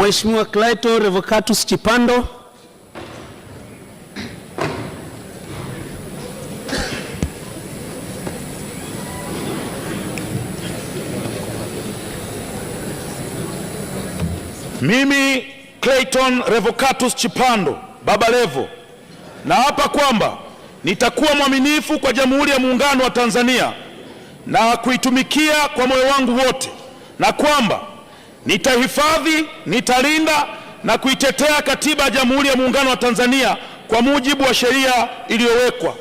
Mheshimiwa Clayton Revocatus Chipando. Mimi Clayton Revocatus Chipando Baba Levo naapa kwamba nitakuwa mwaminifu kwa Jamhuri ya Muungano wa Tanzania na kuitumikia kwa moyo wangu wote na kwamba Nitahifadhi, nitalinda na kuitetea katiba ya Jamhuri ya Muungano wa Tanzania kwa mujibu wa sheria iliyowekwa.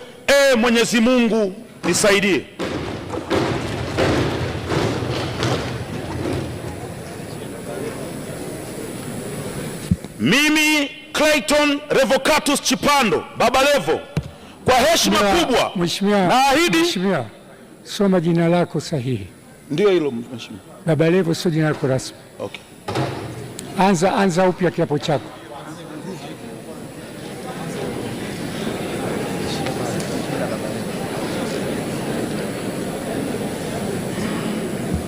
e Mwenyezi Mungu nisaidie. Mimi Clayton Revocatus Chipando Baba Levo, kwa heshima kubwa naahidi. Mheshimiwa, soma jina lako sahihi. Ndio hilo mheshimiwa. Baba Levo sio jina lako rasmi. Okay. Anza, anza upya kiapo chako.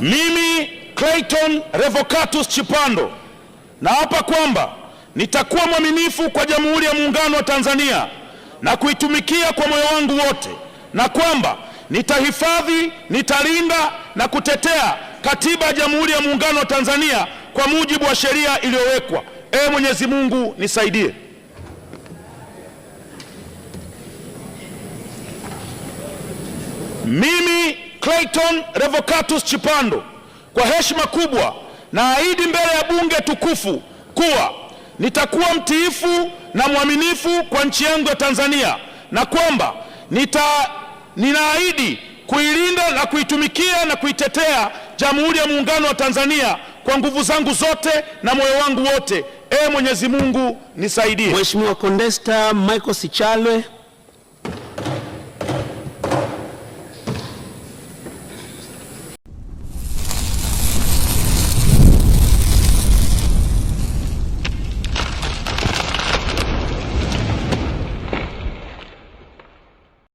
Mimi Clayton Revocatus Chipando naapa kwamba nitakuwa mwaminifu kwa Jamhuri ya Muungano wa Tanzania na kuitumikia kwa moyo wangu wote na kwamba nitahifadhi, nitalinda na kutetea katiba ya Jamhuri ya Muungano wa Tanzania kwa mujibu wa sheria iliyowekwa. Ee Mwenyezi Mungu nisaidie. Mimi Clayton Revocatus Chipando kwa heshima kubwa naahidi mbele ya bunge tukufu kuwa nitakuwa mtiifu na mwaminifu kwa nchi yangu ya Tanzania na kwamba nita ninaahidi kuilinda na kuitumikia na kuitetea Jamhuri ya Muungano wa Tanzania kwa nguvu zangu zote na moyo wangu wote. Ee Mwenyezi Mungu nisaidie. Mheshimiwa Condesta Michael Sichalwe.